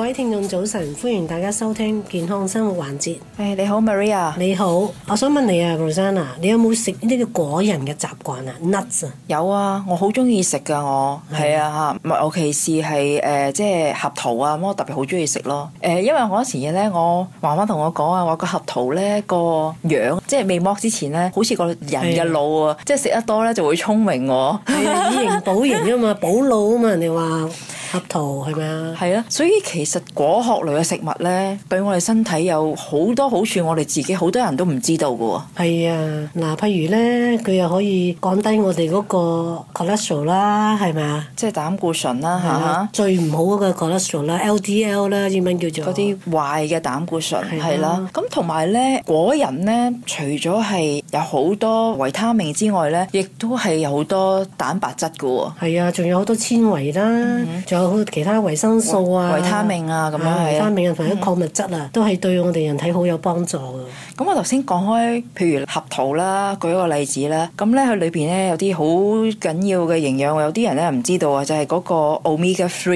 各位聽眾早晨，歡迎大家收聽健康生活環節。誒，Hey, 你好 Maria，你好。我想問你啊，Rosanna，n 你有冇食呢啲果仁嘅習慣啊？Nuts 啊，有啊，我好中意食噶，我係啊吓，尤的其是係誒、呃，即係核桃啊，咁我特別好中意食咯。誒、呃，因為嗰時嘢咧，我媽媽同我講啊，話個核桃咧個樣，即係未剝之前咧，好似個人嘅腦啊，的即係食得多咧就會聰明喎。 以形補形啊嘛，補腦啊嘛，人哋話。合桃係咪啊？係啊，所以其實果殼類嘅食物咧，對我哋身體有好多好處，我哋自己好多人都唔知道嘅、哦。係啊，嗱，譬如咧，佢又可以降低我哋嗰個 cholesterol 啦，係咪啊？即係膽固醇啦，吓、啊啊、最唔好嗰個 cholesterol 啦，LDL 啦，點樣叫做？嗰啲壞嘅膽固醇係啦。咁同埋咧，果仁咧，除咗係有好多維他命之外咧，亦都係有好多蛋白質嘅、哦。係啊，仲有好多纖維啦，嗯有好多其他維生素啊、維他命啊咁樣，維他命啊，同埋啲礦物質啊，嗯、都係對我哋人體好有幫助嘅。咁我頭先講開，譬如核桃啦，舉一個例子啦，咁呢，佢裏面呢，有啲好緊要嘅營養，有啲人呢，唔知道啊，就係、是、嗰個 omega 3 h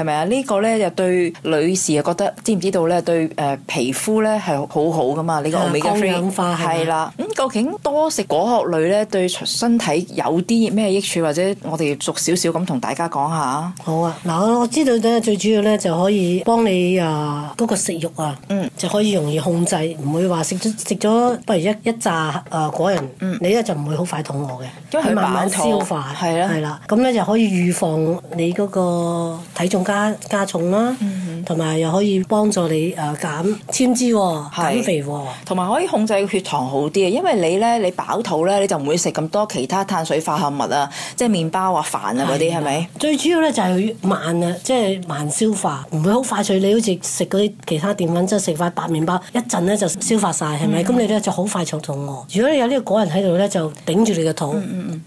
r 咪啊？呢的、這個呢，就對女士啊覺得知唔知道呢？對皮膚呢，係好好㗎嘛？呢的個 omega three 係咁究竟多食果殼類呢，對身體有啲咩益處？或者我哋逐少少咁同大家講下好啊，嗱我知道咧，最主要呢，就可以幫你啊嗰、那個食肉啊，嗯、就可以容易控制。唔會話食咗食咗，不如一一紮誒果仁，嗯、你咧就唔會好快肚餓嘅，因為佢慢慢消化，係啦，係啦，咁咧就可以預防你嗰個體重加加重啦。嗯。同埋又可以幫助你誒減纖脂喎，減肥喎，同埋可以控制血糖好啲，因為你咧你飽肚咧你就唔會食咁多其他碳水化合物啊，即係麵包啊、飯啊嗰啲係咪？最主要咧就係要慢啊，即係慢消化，唔會好快脆。你好似食嗰啲其他澱粉，即係食塊白麵包，一陣咧就消化晒，係咪？咁你咧就好快就肚餓。如果你有呢個果仁喺度咧，就頂住你嘅肚，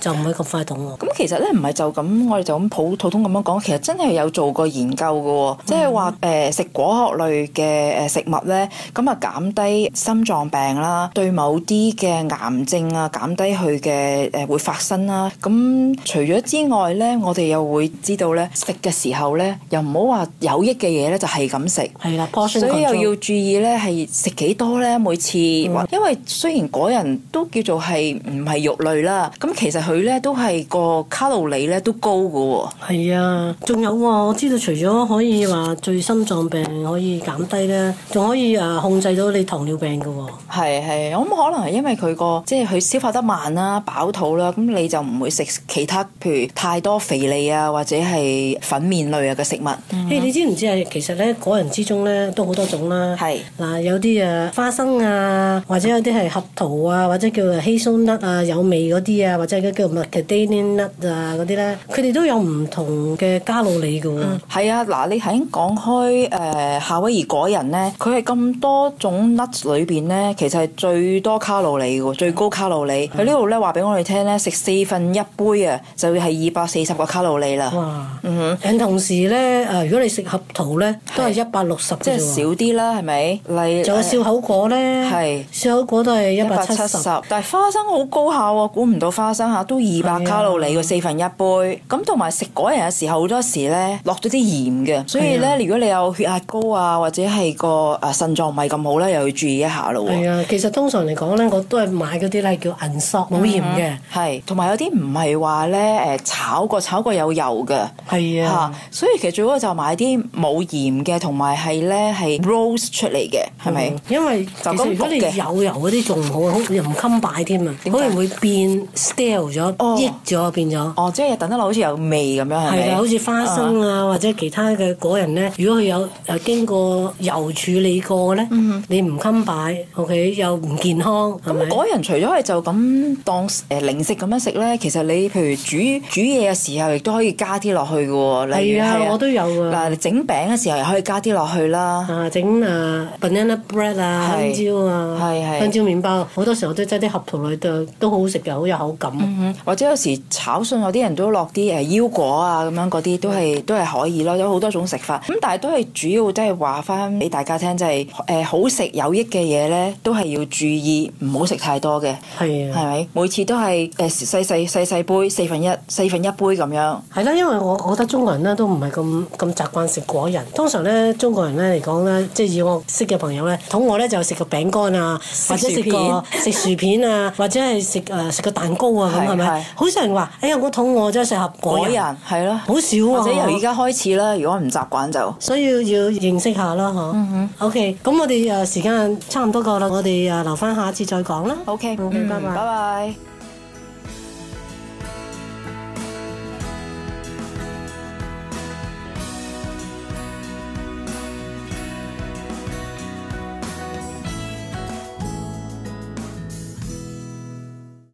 就唔會咁快肚餓。咁其實咧唔係就咁，我哋就咁普普通咁樣講，其實真係有做過研究㗎，即係話誒，食果殼類嘅誒食物咧，咁啊減低心臟病啦，對某啲嘅癌症啊減低佢嘅誒會發生啦。咁除咗之外咧，我哋又會知道咧食嘅時候咧，又唔好話有益嘅嘢咧就係咁食。係啦的，所以又要注意咧，係食幾多咧，每次。嗯、因為雖然果仁都叫做係唔係肉類啦，咁其實佢咧都係個卡路里咧都高㗎。係啊，仲有我知道除咗可以話最新。心臟病可以減低咧，仲可以啊控制到你糖尿病嘅喎。係係，咁可能係因為佢個即係佢消化得慢啦、飽肚啦，咁你就唔會食其他譬如太多肥膩啊，或者係粉麵類啊嘅食物。誒，你知唔知啊？其實咧，果仁之中咧都好多種啦。係嗱，有啲啊花生啊，或者有啲係核桃啊，或者叫啊稀松粒啊、有味嗰啲啊，或者叫做麥克丁粒啊嗰啲咧，佢哋都有唔同嘅卡路里嘅喎。係啊，嗱，你喺講開。佢、啊、夏威夷果仁咧，佢係咁多種 nut 裏邊咧，其實係最多卡路里嘅，最高卡路里。佢、嗯、呢度咧話俾我哋聽咧，食四分一杯啊，就會係二百四十個卡路里啦。哇嘩，嗯同時咧，誒如果你食合桃咧，是都係一百六十，即係少啲啦，係咪？嚟仲有笑口果咧，係笑是口果都係一百七十。但係花生好高效喎，估唔到花生嚇都二百卡路里嘅四、啊、分一杯。咁同埋食果仁嘅時候，好多時咧落咗啲鹽嘅，所以咧如果你有。有血壓高啊，或者係個誒腎臟唔係咁好咧，又要注意一下咯喎。係啊，其實通常嚟講咧，我都係買嗰啲咧叫銀鎖冇鹽嘅，係同埋有啲唔係話咧誒炒過炒過有油嘅，係啊，啊，所以其實最好就買啲冇鹽嘅，同埋係咧係 rose 出嚟嘅，係咪、嗯？因為就咁嘅。如果你有油嗰啲仲唔好，又唔襟擺添啊，可能會變 stale 咗、膉咗、哦、溢了變咗、哦。哦，即係等得落好似有味咁樣係啊，好似花生啊，啊或者其他嘅果仁咧，如果。佢有經過油處理過咧，你唔襟擺，OK 又唔健康，咁嗰人除咗係就咁當誒零食咁樣食咧，其實你譬如煮煮嘢嘅時候，亦都可以加啲落去嘅喎。例如啊，我都有嗱，你整餅嘅時候又可以加啲落去啦，整啊 banana bread 啊，香蕉啊，香蕉麵包，好多時候都擠啲合桃裏都好好食嘅，好有口感。或者有時炒餸，有啲人都落啲誒腰果啊咁樣嗰啲，都係都係可以咯，有好多種食法。咁但係都。因為主要都係話翻俾大家聽，就係、是、誒、呃、好食有益嘅嘢咧，都係要注意唔好食太多嘅，係啊的，係咪？每次都係誒細細細細杯四分一四分一杯咁樣。係啦，因為我覺得中國人咧都唔係咁咁習慣食果仁。通常咧中國人咧嚟講咧，即係以我識嘅朋友咧，肚餓咧就食個餅乾啊，或者食個食 薯片啊， 或者係食誒食個蛋糕啊咁，係咪？好少人、啊、話，哎呀我肚餓真係食盒果仁，係咯，好少。或者由而家開始啦，如果唔習慣就。都要要認識下啦，嗬。嗯哼 O K，咁我哋啊時間差唔多夠啦，我哋啊留翻下一次再講啦。O K，唔該，拜拜。Bye bye。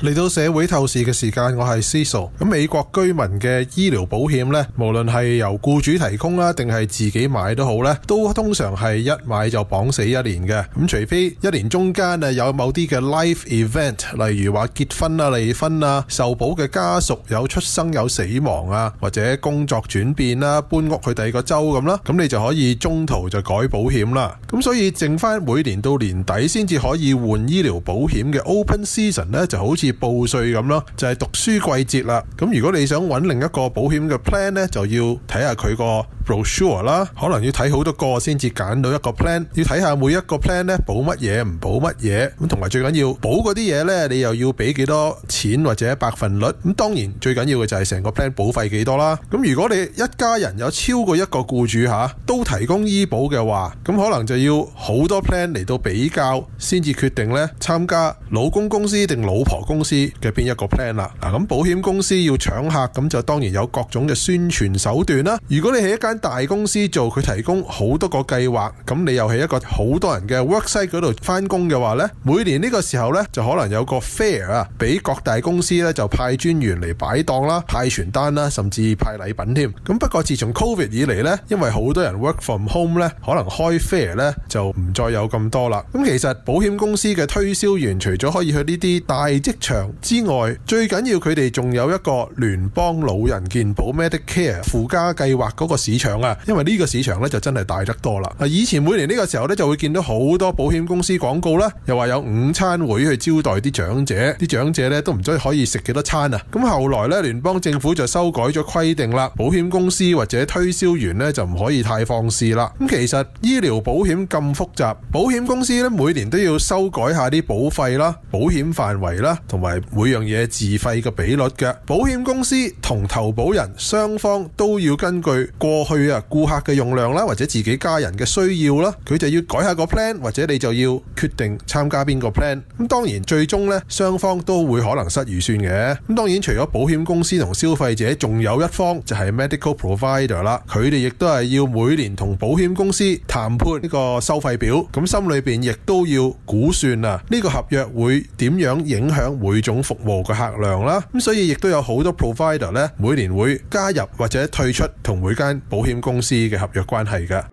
嚟到社會透視嘅時間，我係 Cecil。咁美國居民嘅醫療保險咧，無論係由僱主提供啦，定係自己買都好咧，都通常係一買就綁死一年嘅。咁除非一年中間啊有某啲嘅 life event，例如話結婚啦、離婚啦、受保嘅家屬有出生有死亡啊，或者工作轉變啦、搬屋去第二個州咁啦，咁你就可以中途就改保險啦。咁所以剩翻每年到年底先至可以換醫療保險嘅 open season 咧，就好似～報稅咁咯，就係、是、讀書季節啦。咁如果你想揾另一個保險嘅 plan 呢，就要睇下佢個。pro 啦，可能要睇好多個先至揀到一個 plan，要睇下每一個 plan 咧保乜嘢唔保乜嘢，咁同埋最緊要保嗰啲嘢咧，你又要俾幾多錢或者百分率，咁當然最緊要嘅就係成個 plan 保費幾多啦。咁如果你一家人有超過一個僱主吓都提供醫保嘅話，咁可能就要好多 plan 嚟到比較先至決定咧參加老公公司定老婆公司嘅邊一個 plan 啦。嗱咁保險公司要搶客，咁就當然有各種嘅宣傳手段啦。如果你係一間大公司做，佢提供好多個計劃，咁你又喺一個好多人嘅 worksite 度翻工嘅話咧，每年呢個時候咧就可能有個 fair 啊，俾各大公司咧就派專員嚟擺檔啦、派傳單啦，甚至派禮品添。咁不過自從 covid 以嚟咧，因為好多人 work from home 咧，可能開 fair 咧就唔再有咁多啦。咁其實保險公司嘅推銷員除咗可以去呢啲大職場之外，最緊要佢哋仲有一個聯邦老人健保 Medicare 附加計劃嗰個市場。啊！因為呢個市場咧就真係大得多啦。啊，以前每年呢個時候咧就會見到好多保險公司廣告啦，又話有午餐會去招待啲長者，啲長者咧都唔知可以食幾多餐啊。咁後來咧，聯邦政府就修改咗規定啦，保險公司或者推銷員咧就唔可以太放肆啦。咁其實醫療保險咁複雜，保險公司咧每年都要修改下啲保費啦、保險範圍啦，同埋每樣嘢自費嘅比率嘅。保險公司同投保人雙方都要根據過去。佢顧客嘅用量啦，或者自己家人嘅需要啦，佢就要改下個 plan，或者你就要決定參加邊個 plan。咁當然最終咧，雙方都會可能失預算嘅。咁當然除咗保險公司同消費者，仲有一方就係 medical provider 啦，佢哋亦都係要每年同保險公司談判呢個收費表，咁心裏邊亦都要估算啊，呢個合約會點樣影響每種服務嘅客量啦。咁所以亦都有好多 provider 咧，每年會加入或者退出同每間保。保險公司嘅合約關係㗎。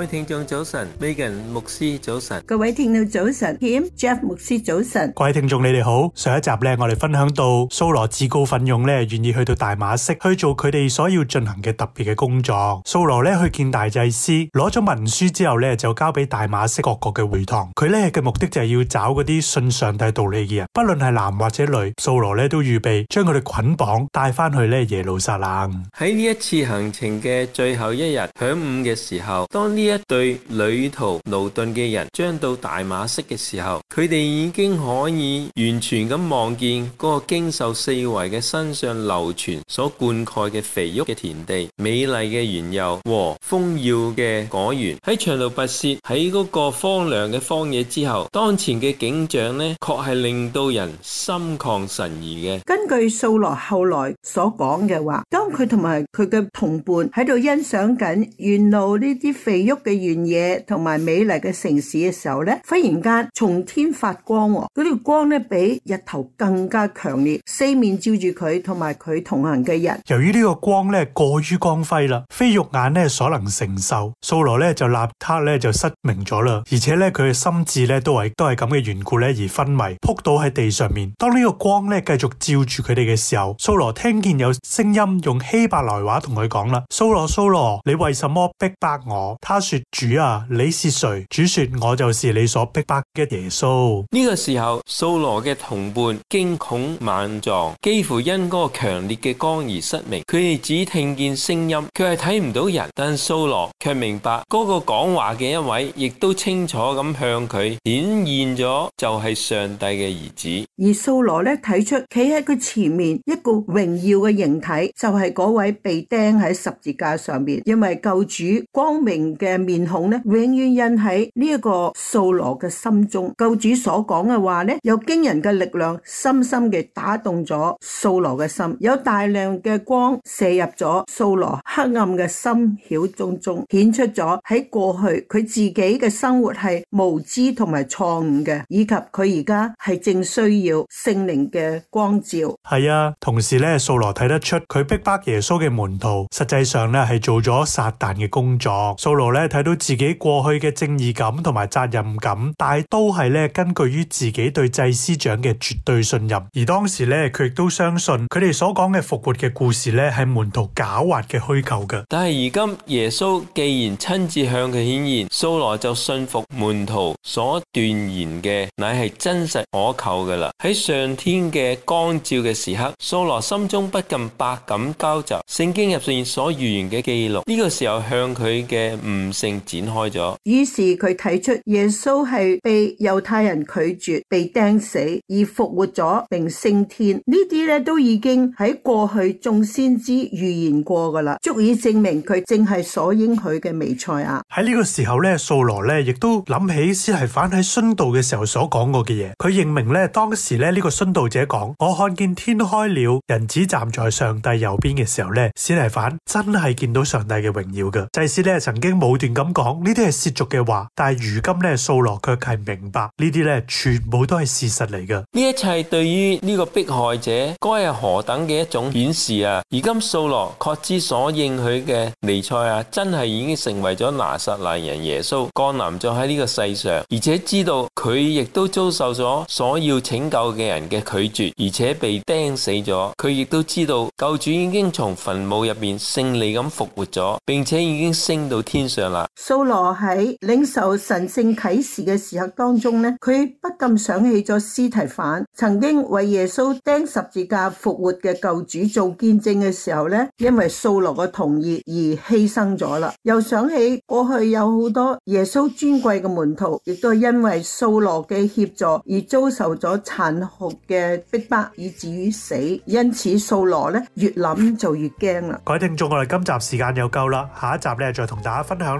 各位聽眾早晨，Megan 牧師早晨，各位聽眾早晨，Tim Jeff 牧師早晨。各位聽眾你哋好，上一集咧我哋分享到，蘇羅自告奮勇咧，願意去到大馬色去做佢哋所要進行嘅特別嘅工作。蘇羅咧去見大祭司，攞咗文書之後咧就交俾大馬色各國嘅會堂。佢咧嘅目的就係要找嗰啲信上帝道理嘅人，不論係男或者女。蘇羅咧都預備將佢哋捆綁帶翻去咧耶路撒冷。喺呢一次行程嘅最後一日晌午嘅時候，當呢。一對旅途勞頓嘅人，將到大馬色嘅時候，佢哋已經可以完全咁望見嗰個經受四圍嘅身上流傳所灌溉嘅肥沃嘅田地、美麗嘅園囿和豐饒嘅果園。喺長途跋涉喺嗰個荒涼嘅荒野之後，當前嘅景象呢，確係令到人心曠神怡嘅。根據掃羅後來所講嘅話，當佢同埋佢嘅同伴喺度欣賞緊沿路呢啲肥沃嘅原野同埋美麗嘅城市嘅時候呢，忽然間從天發光，嗰條光呢比日頭更加強烈，四面照住佢同埋佢同行嘅人。由於呢個光呢過於光輝啦，非肉眼呢所能承受，蘇羅呢就立刻呢就失明咗啦，而且呢，佢嘅心智呢都係都係咁嘅緣故呢而昏迷，撲倒喺地上面。當呢個光呢繼續照住佢哋嘅時候，蘇羅聽見有聲音用希伯來話同佢講啦：蘇羅，蘇羅，你為什麼逼迫我？他。說，主啊，你是誰？主說，我就是你所逼迫嘅耶穌。呢個時候，掃羅嘅同伴驚恐萬狀，幾乎因嗰個強烈嘅光而失明。佢哋只聽見聲音，佢係睇唔到人。但掃羅卻明白嗰、那個講話嘅一位，亦都清楚咁向佢顯現咗，就係上帝嘅兒子。而掃羅呢睇出，企喺佢前面一個榮耀嘅形體，就係、是、嗰位被釘喺十字架上面，因為救主光明嘅。面孔咧，永遠印喺呢一個掃羅嘅心中。救主所講嘅話咧，有驚人嘅力量，深深嘅打動咗掃羅嘅心。有大量嘅光射入咗掃羅黑暗嘅心竅中中，顯出咗喺過去佢自己嘅生活係無知同埋錯誤嘅，以及佢而家係正需要聖靈嘅光照。係啊，同時咧，掃羅睇得出佢逼迫耶穌嘅門徒，實際上咧係做咗撒旦嘅工作。掃羅咧。睇到自己過去嘅正義感同埋責任感，但係都係咧根據於自己對祭司長嘅絕對信任。而當時咧，佢亦都相信佢哋所講嘅復活嘅故事咧係門徒狡猾嘅虛構嘅。但係而今耶穌既然親自向佢顯現，蘇羅就信服門徒所斷言嘅乃係真實可靠噶啦。喺上天嘅光照嘅時刻，蘇羅心中不禁百感交集。聖經入面所預言嘅記錄呢個時候向佢嘅唔。展開咗，於是佢睇出耶穌係被猶太人拒絕，被釘死而復活咗並升天，呢啲咧都已經喺過去眾先知預言過噶啦，足以證明佢正係所應許嘅彌賽亞。喺呢個時候咧，掃羅咧亦都諗起司提反喺殉道嘅時候所講過嘅嘢，佢認明咧當時咧呢個殉道者講，我看見天開了，人子站在上帝右邊嘅時候咧，司提反真係見到上帝嘅榮耀嘅祭使咧曾經冇。段咁講呢啲係褻瀆嘅話，但係如今咧，素羅卻係明白呢啲咧，全部都係事實嚟嘅。呢一切對於呢個迫害者，該係何等嘅一種顯示啊！而今素羅確知所應許嘅尼賽啊，真係已經成為咗拿撒勒人耶穌降臨咗喺呢個世上，而且知道佢亦都遭受咗所要拯救嘅人嘅拒絕，而且被釘死咗。佢亦都知道救主已經從墳墓入面勝利咁復活咗，並且已經升到天上。掃羅喺領受神聖啟示嘅時刻當中呢，佢不禁想起咗司提反曾經為耶穌釘十字架復活嘅救主做見證嘅時候呢，因為掃羅嘅同意而犧牲咗啦。又想起過去有好多耶穌尊貴嘅門徒，亦都係因為掃羅嘅協助而遭受咗殘酷嘅逼迫迫，以至於死。因此掃羅呢越諗就越驚啦。各位聽眾，我哋今集時間又夠啦，下一集呢再同大家分享。